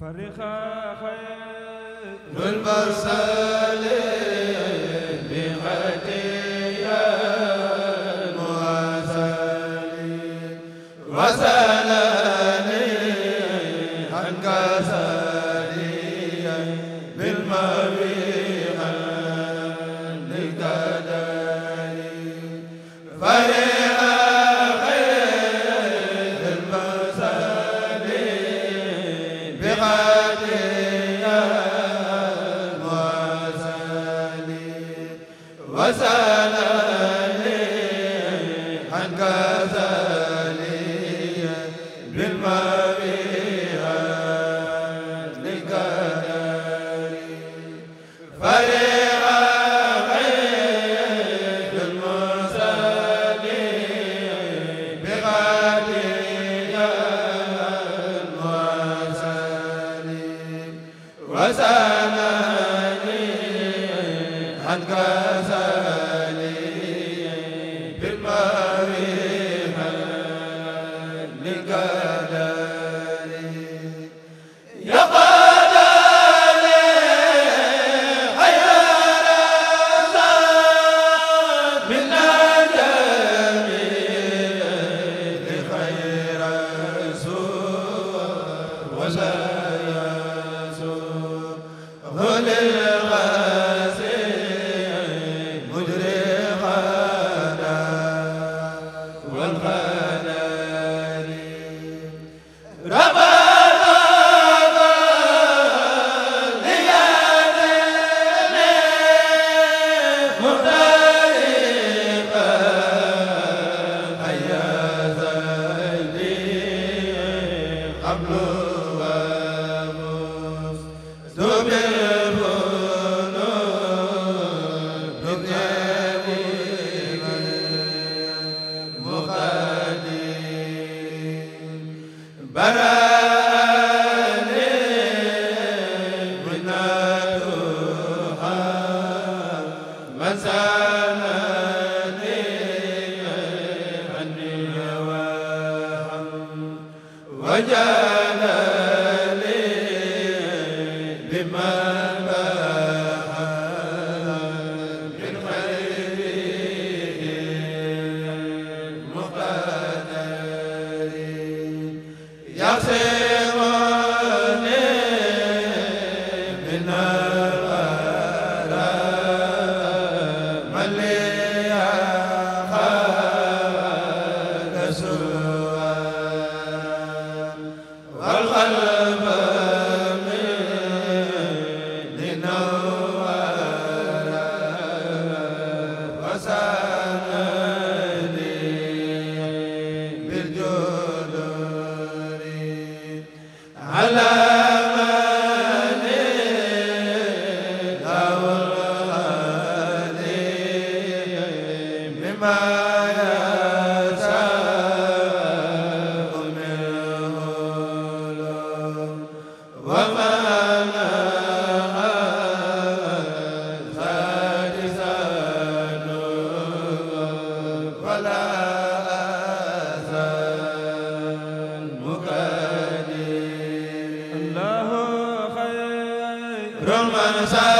فرخا Amen Roman sa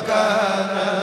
وكان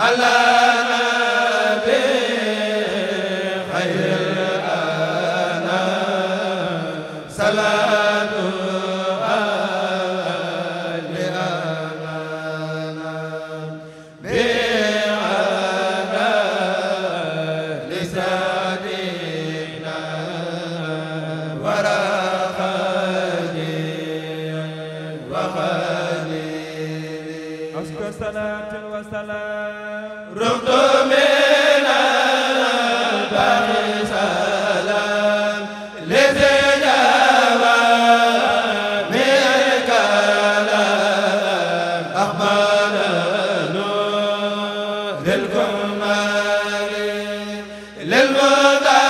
ala ذي الكمال للمتعب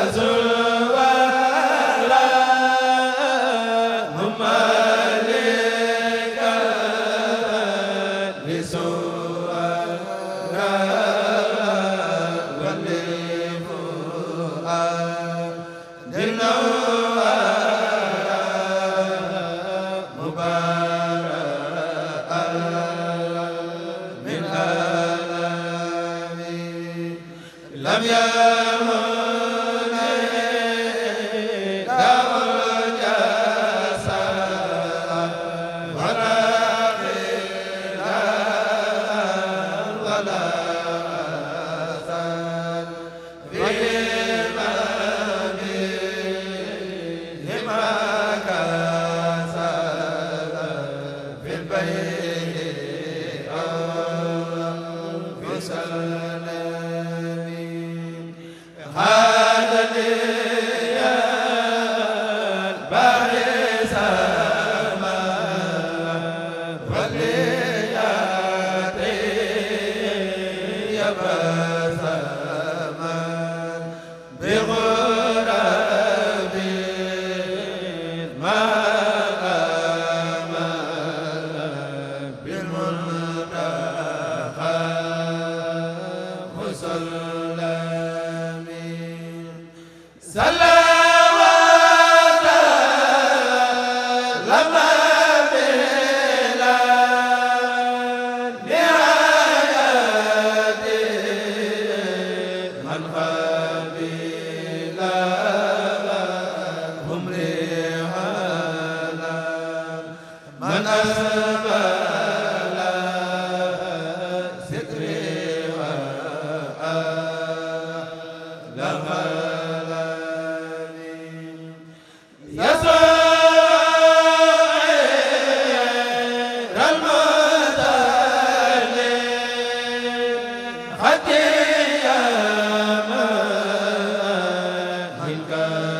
azul sala ka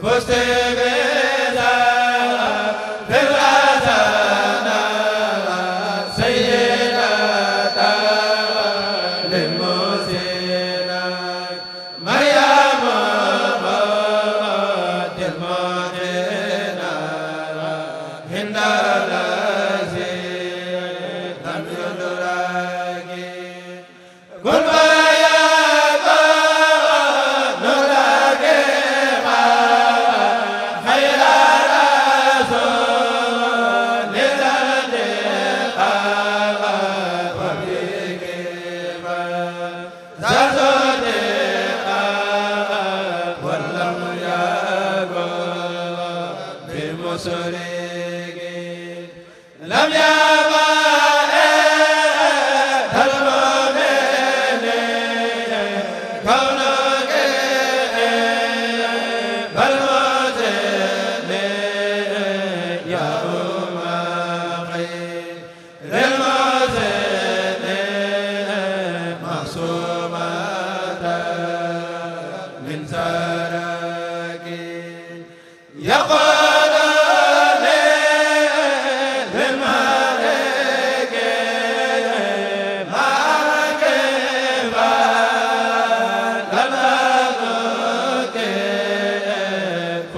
First day sore